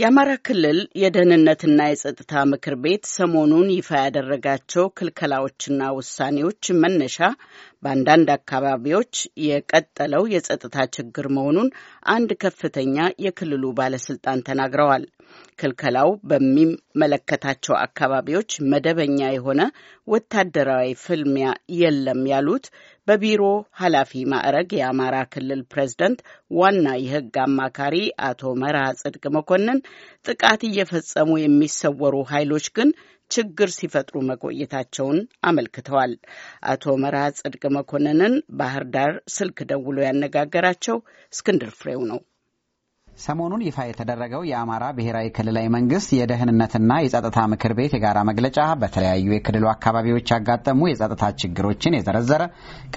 የአማራ ክልል የደህንነትና የጸጥታ ምክር ቤት ሰሞኑን ይፋ ያደረጋቸው ክልከላዎችና ውሳኔዎች መነሻ በአንዳንድ አካባቢዎች የቀጠለው የጸጥታ ችግር መሆኑን አንድ ከፍተኛ የክልሉ ባለስልጣን ተናግረዋል። ክልከላው በሚመለከታቸው አካባቢዎች መደበኛ የሆነ ወታደራዊ ፍልሚያ የለም ያሉት በቢሮ ኃላፊ ማዕረግ የአማራ ክልል ፕሬዝደንት ዋና የሕግ አማካሪ አቶ መርሃ ጽድቅ መኮንን ጥቃት እየፈጸሙ የሚሰወሩ ኃይሎች ግን ችግር ሲፈጥሩ መቆየታቸውን አመልክተዋል። አቶ መርሃ ጽድቅ መኮንንን ባህር ዳር ስልክ ደውሎ ያነጋገራቸው እስክንድር ፍሬው ነው። ሰሞኑን ይፋ የተደረገው የአማራ ብሔራዊ ክልላዊ መንግስት የደህንነትና የጸጥታ ምክር ቤት የጋራ መግለጫ በተለያዩ የክልሉ አካባቢዎች ያጋጠሙ የጸጥታ ችግሮችን የዘረዘረ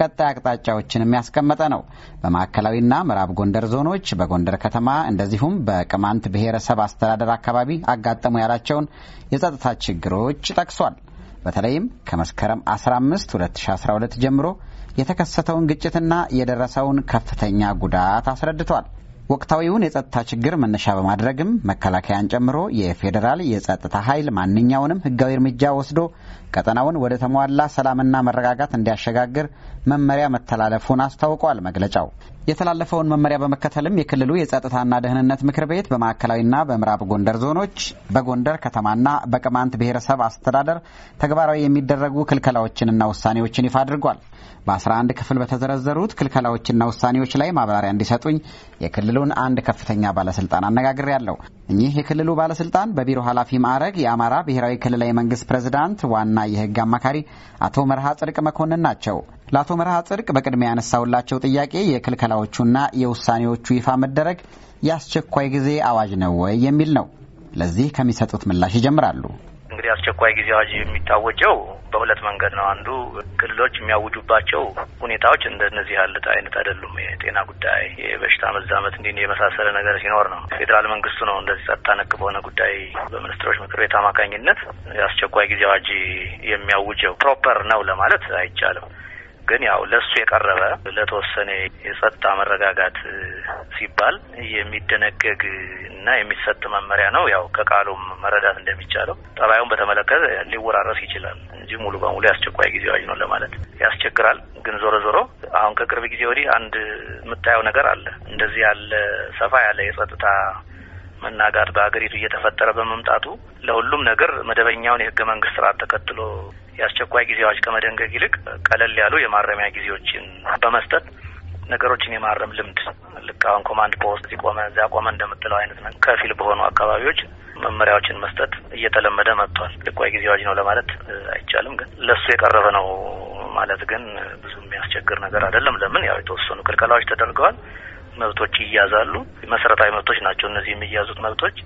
ቀጣይ አቅጣጫዎችን የሚያስቀመጠ ነው። በማዕከላዊና ምዕራብ ጎንደር ዞኖች፣ በጎንደር ከተማ እንደዚሁም በቅማንት ብሔረሰብ አስተዳደር አካባቢ አጋጠሙ ያላቸውን የጸጥታ ችግሮች ጠቅሷል። በተለይም ከመስከረም 15 2012 ጀምሮ የተከሰተውን ግጭትና የደረሰውን ከፍተኛ ጉዳት አስረድቷል። ወቅታዊውን የጸጥታ ችግር መነሻ በማድረግም መከላከያን ጨምሮ የፌዴራል የጸጥታ ኃይል ማንኛውንም ህጋዊ እርምጃ ወስዶ ቀጠናውን ወደ ተሟላ ሰላምና መረጋጋት እንዲያሸጋግር መመሪያ መተላለፉን አስታውቋል መግለጫው። የተላለፈውን መመሪያ በመከተልም የክልሉ የጸጥታና ደህንነት ምክር ቤት በማዕከላዊና በምዕራብ ጎንደር ዞኖች በጎንደር ከተማና በቅማንት ብሔረሰብ አስተዳደር ተግባራዊ የሚደረጉ ክልከላዎችንና ውሳኔዎችን ይፋ አድርጓል። በ11 ክፍል በተዘረዘሩት ክልከላዎችና ውሳኔዎች ላይ ማብራሪያ እንዲሰጡኝ የክልሉን አንድ ከፍተኛ ባለስልጣን ያለው። እኚህ የክልሉ ባለስልጣን በቢሮ ኃላፊ ማዕረግ የአማራ ብሔራዊ ክልላዊ መንግስት ፕሬዝዳንት ዋና የህግ አማካሪ አቶ መርሃ ጽድቅ መኮንን ናቸው። ለአቶ መርሃ ጽድቅ በቅድሚያ ያነሳውላቸው ጥያቄ የክልከላዎቹና የውሳኔዎቹ ይፋ መደረግ የአስቸኳይ ጊዜ አዋጅ ነው ወይ የሚል ነው። ለዚህ ከሚሰጡት ምላሽ ይጀምራሉ። እንግዲህ አስቸኳይ ጊዜ አዋጅ የሚታወጀው በሁለት መንገድ ነው። አንዱ ክልሎች የሚያውጁባቸው ሁኔታዎች እንደነዚህ ያሉት አይነት አይደሉም። የጤና ጉዳይ፣ የበሽታ መዛመት እንዲህ የመሳሰለ ነገር ሲኖር ነው። ፌዴራል መንግስቱ ነው እንደዚህ ጸጥታ ነክ በሆነ ጉዳይ በሚኒስትሮች ምክር ቤት አማካኝነት የአስቸኳይ ጊዜ አዋጅ የሚያውጀው። ፕሮፐር ነው ለማለት አይቻልም። ግን ያው ለሱ የቀረበ ለተወሰነ የጸጥታ መረጋጋት ሲባል የሚደነገግ እና የሚሰጥ መመሪያ ነው። ያው ከቃሉም መረዳት እንደሚቻለው ጠባዩን በተመለከተ ሊወራረስ ይችላል እንጂ ሙሉ በሙሉ የአስቸኳይ ጊዜ አዋጅ ነው ለማለት ያስቸግራል። ግን ዞሮ ዞሮ አሁን ከቅርብ ጊዜ ወዲህ አንድ የምታየው ነገር አለ። እንደዚህ ያለ ሰፋ ያለ የጸጥታ መናጋት በሀገሪቱ እየተፈጠረ በመምጣቱ ለሁሉም ነገር መደበኛውን የህገ መንግስት ስርዓት ተከትሎ የአስቸኳይ ጊዜ አዋጅ ከመደንገግ ይልቅ ቀለል ያሉ የማረሚያ ጊዜዎችን በመስጠት ነገሮችን የማረም ልምድ ልክ አሁን ኮማንድ ፖስት እዚህ ቆመ እዚያ ቆመ እንደምትለው አይነት ከፊል በሆኑ አካባቢዎች መመሪያዎችን መስጠት እየተለመደ መጥቷል። አስቸኳይ ጊዜ አዋጅ ነው ለማለት አይቻልም፣ ግን ለሱ የቀረበ ነው ማለት ግን ብዙ የሚያስቸግር ነገር አይደለም። ለምን ያው የተወሰኑ ክልከላዎች ተደርገዋል። መብቶች ይያዛሉ። መሰረታዊ መብቶች ናቸው እነዚህ የሚያዙት መብቶች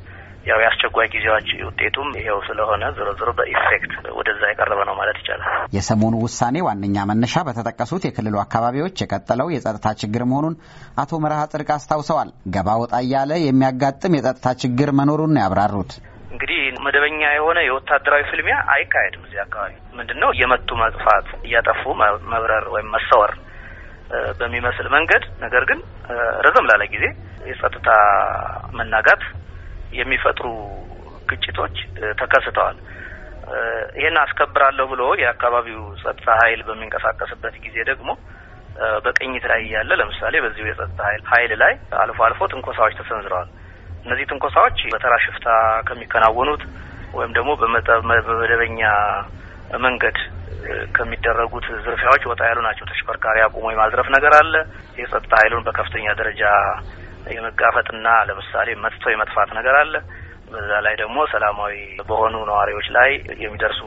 ያው የአስቸኳይ ጊዜዎች ውጤቱም ይኸው ስለሆነ ዞሮ ዞሮ በኢፌክት ወደዛ የቀረበ ነው ማለት ይቻላል። የሰሞኑ ውሳኔ ዋነኛ መነሻ በተጠቀሱት የክልሉ አካባቢዎች የቀጠለው የጸጥታ ችግር መሆኑን አቶ መርሃ ጽድቅ አስታውሰዋል። ገባ ወጣ እያለ የሚያጋጥም የጸጥታ ችግር መኖሩን ያብራሩት። እንግዲህ መደበኛ የሆነ የወታደራዊ ፍልሚያ አይካሄድም እዚህ አካባቢ። ምንድን ነው እየመቱ መጥፋት፣ እያጠፉ መብረር ወይም መሰወር በሚመስል መንገድ ነገር ግን ረዘም ላለ ጊዜ የጸጥታ መናጋት የሚፈጥሩ ግጭቶች ተከስተዋል። ይህን አስከብራለሁ ብሎ የአካባቢው ጸጥታ ኃይል በሚንቀሳቀስበት ጊዜ ደግሞ በቅኝት ላይ እያለ ለምሳሌ በዚሁ የጸጥታ ኃይል ኃይል ላይ አልፎ አልፎ ትንኮሳዎች ተሰንዝረዋል። እነዚህ ትንኮሳዎች በተራ ሽፍታ ከሚከናወኑት ወይም ደግሞ በመደበኛ መንገድ ከሚደረጉት ዝርፊያዎች ወጣ ያሉ ናቸው። ተሽከርካሪ አቁሞ የማዝረፍ ነገር አለ። የጸጥታ ኃይሉን በከፍተኛ ደረጃ የመጋፈጥና ለምሳሌ መጥቶ የመጥፋት ነገር አለ። በዛ ላይ ደግሞ ሰላማዊ በሆኑ ነዋሪዎች ላይ የሚደርሱ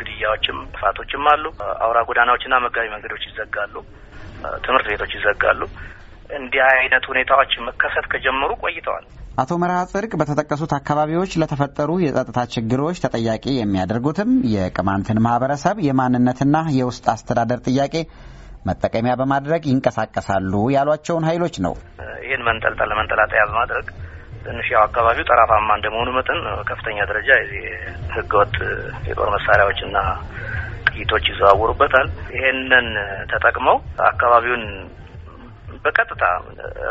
ግድያዎችም ጥፋቶችም አሉ። አውራ ጎዳናዎችና መጋቢ መንገዶች ይዘጋሉ፣ ትምህርት ቤቶች ይዘጋሉ። እንዲህ አይነት ሁኔታዎች መከሰት ከጀመሩ ቆይተዋል። አቶ መርሃ ጽድቅ በተጠቀሱት አካባቢዎች ለተፈጠሩ የጸጥታ ችግሮች ተጠያቂ የሚያደርጉትም የቅማንትን ማህበረሰብ የማንነትና የውስጥ አስተዳደር ጥያቄ መጠቀሚያ በማድረግ ይንቀሳቀሳሉ ያሏቸውን ኃይሎች ነው። ይህን መንጠልጠል ያዝ በማድረግ ትንሽ ያው አካባቢው ጠራፋማ እንደመሆኑ መጠን ከፍተኛ ደረጃ ህገወጥ የጦር መሳሪያዎችና ጥይቶች ይዘዋወሩበታል። ይህንን ተጠቅመው አካባቢውን በቀጥታ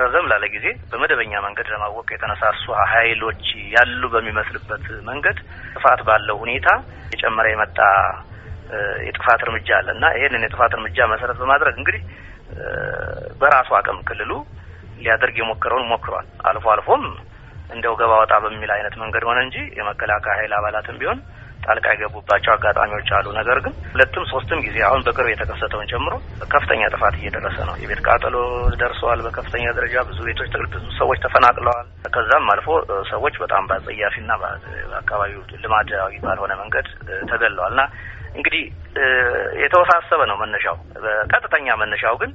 ረዘም ላለ ጊዜ በመደበኛ መንገድ ለማወቅ የተነሳሱ ኃይሎች ያሉ በሚመስልበት መንገድ ጥፋት ባለው ሁኔታ የጨመረ የመጣ የጥፋት እርምጃ አለ እና ይህንን የጥፋት እርምጃ መሰረት በማድረግ እንግዲህ በራሱ አቅም ክልሉ ሊያደርግ የሞከረውን ሞክሯል። አልፎ አልፎም እንደው ገባ ወጣ በሚል አይነት መንገድ ሆነ እንጂ የመከላከያ ኃይል አባላትም ቢሆን ጣልቃ የገቡባቸው አጋጣሚዎች አሉ። ነገር ግን ሁለትም ሶስትም ጊዜ አሁን በቅርብ የተከሰተውን ጨምሮ ከፍተኛ ጥፋት እየደረሰ ነው። የቤት ቃጠሎ ደርሰዋል። በከፍተኛ ደረጃ ብዙ ቤቶች፣ ብዙ ሰዎች ተፈናቅለዋል። ከዛም አልፎ ሰዎች በጣም በአጸያፊና በአካባቢው ልማዳዊ ባልሆነ መንገድ ተገለዋል እና እንግዲህ የተወሳሰበ ነው መነሻው። ቀጥተኛ መነሻው ግን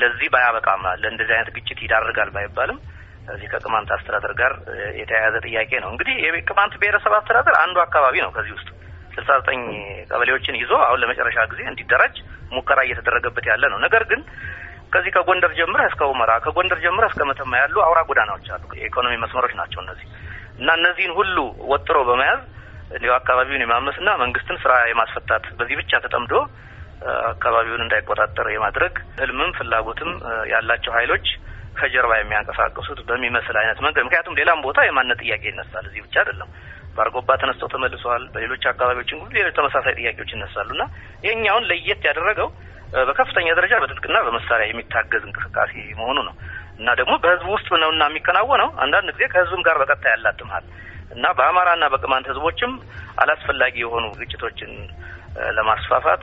ለዚህ ባያበቃም ለእንደዚህ አይነት ግጭት ይዳርጋል ባይባልም እዚህ ከቅማንት አስተዳደር ጋር የተያያዘ ጥያቄ ነው። እንግዲህ የቅማንት ብሔረሰብ አስተዳደር አንዱ አካባቢ ነው። ከዚህ ውስጥ ስልሳ ዘጠኝ ቀበሌዎችን ይዞ አሁን ለመጨረሻ ጊዜ እንዲደራጅ ሙከራ እየተደረገበት ያለ ነው። ነገር ግን ከዚህ ከጎንደር ጀምረ እስከ ሁመራ ከጎንደር ጀምረ እስከ መተማ ያሉ አውራ ጎዳናዎች አሉ። የኢኮኖሚ መስመሮች ናቸው እነዚህ እና እነዚህን ሁሉ ወጥሮ በመያዝ አካባቢውን የማመስና መንግስትን ስራ የማስፈታት በዚህ ብቻ ተጠምዶ አካባቢውን እንዳይቆጣጠር የማድረግ ህልምም ፍላጎትም ያላቸው ሀይሎች ከጀርባ የሚያንቀሳቀሱት በሚመስል አይነት መንገድ ምክንያቱም ሌላም ቦታ የማንነት ጥያቄ ይነሳል። እዚህ ብቻ አይደለም። በአርጎባ ተነስተው ተመልሰዋል። በሌሎች አካባቢዎችን ሁሉ ሌሎች ተመሳሳይ ጥያቄዎች ይነሳሉ እና ይህኛውን ለየት ያደረገው በከፍተኛ ደረጃ በትጥቅና በመሳሪያ የሚታገዝ እንቅስቃሴ መሆኑ ነው እና ደግሞ በህዝቡ ውስጥ ነው እና የሚከናወነው አንዳንድ ጊዜ ከህዝብም ጋር በቀጥታ ያላትምሃል እና በአማራና በቅማንት ህዝቦችም አላስፈላጊ የሆኑ ግጭቶችን ለማስፋፋት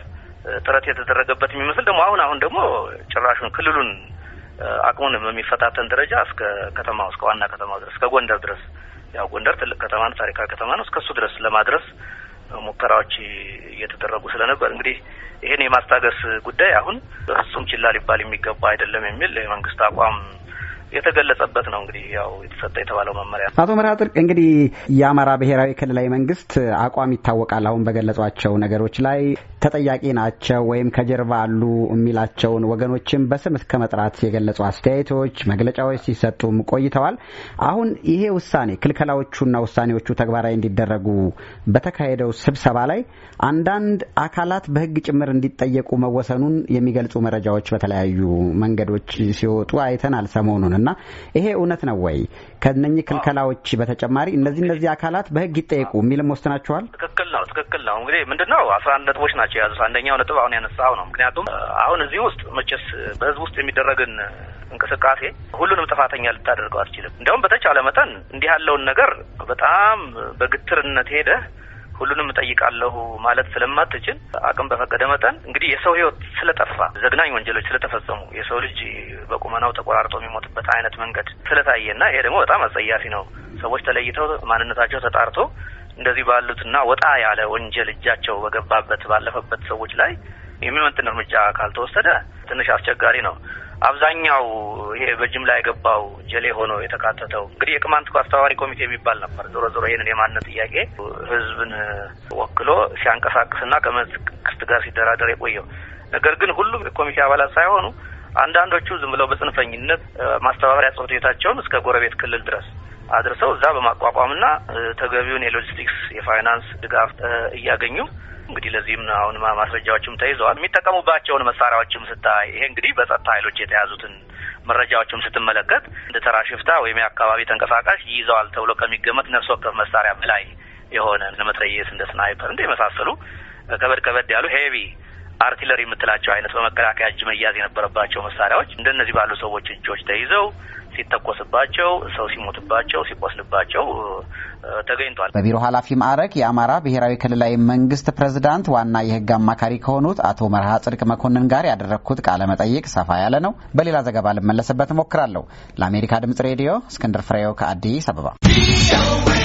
ጥረት የተደረገበት የሚመስል ደግሞ አሁን አሁን ደግሞ ጭራሹን ክልሉን አቅሙን በሚፈታተን ደረጃ እስከ ከተማው እስከ ዋና ከተማው ድረስ እስከ ጎንደር ድረስ ያው ጎንደር ትልቅ ከተማ ነው፣ ታሪካዊ ከተማ ነው። እስከሱ ድረስ ለማድረስ ሙከራዎች እየተደረጉ ስለነበር እንግዲህ ይሄን የማስታገስ ጉዳይ አሁን በፍጹም ችላ ሊባል የሚገባ አይደለም የሚል የመንግስት አቋም የተገለጸበት ነው። እንግዲህ ያው የተሰጠ የተባለው መመሪያ አቶ መርሃ ጥርቅ እንግዲህ የአማራ ብሔራዊ ክልላዊ መንግስት አቋም ይታወቃል። አሁን በገለጿቸው ነገሮች ላይ ተጠያቂ ናቸው ወይም ከጀርባ አሉ የሚላቸውን ወገኖችን በስም እስከ መጥራት የገለጹ አስተያየቶች፣ መግለጫዎች ሲሰጡም ቆይተዋል። አሁን ይሄ ውሳኔ ክልከላዎቹና ውሳኔዎቹ ተግባራዊ እንዲደረጉ በተካሄደው ስብሰባ ላይ አንዳንድ አካላት በሕግ ጭምር እንዲጠየቁ መወሰኑን የሚገልጹ መረጃዎች በተለያዩ መንገዶች ሲወጡ አይተናል ሰሞኑን እና ይሄ እውነት ነው ወይ? ከነኚህ ክልከላዎች በተጨማሪ እነዚህ እነዚህ አካላት በሕግ ይጠየቁ የሚልም ወስናቸዋል። ነው ትክክል ነው። እንግዲህ ምንድን ነው አስራ አንድ ነጥቦች ናቸው የያዙት። አንደኛው ነጥብ አሁን ያነሳው ነው። ምክንያቱም አሁን እዚህ ውስጥ መቼስ በህዝብ ውስጥ የሚደረግን እንቅስቃሴ ሁሉንም ጥፋተኛ ልታደርገው አትችልም። እንዲያውም በተቻለ መጠን እንዲህ ያለውን ነገር በጣም በግትርነት ሄደ ሁሉንም እጠይቃለሁ ማለት ስለማትችል አቅም በፈቀደ መጠን እንግዲህ የሰው ህይወት ስለጠፋ ዘግናኝ ወንጀሎች ስለተፈጸሙ የሰው ልጅ በቁመናው ተቆራርጦ የሚሞትበት አይነት መንገድ ስለታየና ይሄ ደግሞ በጣም አጸያፊ ነው። ሰዎች ተለይተው ማንነታቸው ተጣርቶ እንደዚህ ባሉትና ወጣ ያለ ወንጀል እጃቸው በገባበት ባለፈበት ሰዎች ላይ የሚመጥን እርምጃ ካልተወሰደ ትንሽ አስቸጋሪ ነው። አብዛኛው ይሄ በጅምላ የገባው ጀሌ ሆኖ የተካተተው እንግዲህ የቅማንት አስተባባሪ ኮሚቴ የሚባል ነበር። ዞሮ ዞሮ ይህንን የማንነት ጥያቄ ህዝብን ወክሎ ሲያንቀሳቅስና ከመንግስት ጋር ሲደራደር የቆየው ነገር ግን ሁሉም የኮሚቴ አባላት ሳይሆኑ አንዳንዶቹ ዝም ብለው በጽንፈኝነት ማስተባበሪያ ጽሕፈት ቤታቸውን እስከ ጎረቤት ክልል ድረስ አድርሰው እዛ በማቋቋምና ተገቢውን የሎጂስቲክስ የፋይናንስ ድጋፍ እያገኙ እንግዲህ ለዚህም አሁን ማስረጃዎችም ተይዘዋል። የሚጠቀሙባቸውን መሳሪያዎችም ስታይ ይሄ እንግዲህ በጸጥታ ኃይሎች የተያዙትን መረጃዎችም ስትመለከት እንደ ተራ ሽፍታ ወይም የአካባቢ ተንቀሳቃሽ ይይዘዋል ተብሎ ከሚገመት ነፍስ ወከፍ መሳሪያ በላይ የሆነ ለመትረየስ እንደ ስናይፐር እንደ የመሳሰሉ ከበድ ከበድ ያሉ ሄቪ አርቲለሪ የምትላቸው አይነት በመከላከያ እጅ መያዝ የነበረባቸው መሳሪያዎች እንደነዚህ ባሉ ሰዎች እጆች ተይዘው ሲተኮስባቸው ሰው ሲሞትባቸው ሲቆስልባቸው ተገኝቷል። በቢሮ ኃላፊ ማዕረግ የአማራ ብሔራዊ ክልላዊ መንግስት ፕሬዝዳንት ዋና የህግ አማካሪ ከሆኑት አቶ መርሃ ጽድቅ መኮንን ጋር ያደረግኩት ቃለ መጠይቅ ሰፋ ያለ ነው። በሌላ ዘገባ ልመለስበት እሞክራለሁ። ለአሜሪካ ድምጽ ሬዲዮ እስክንድር ፍሬው ከአዲስ አበባ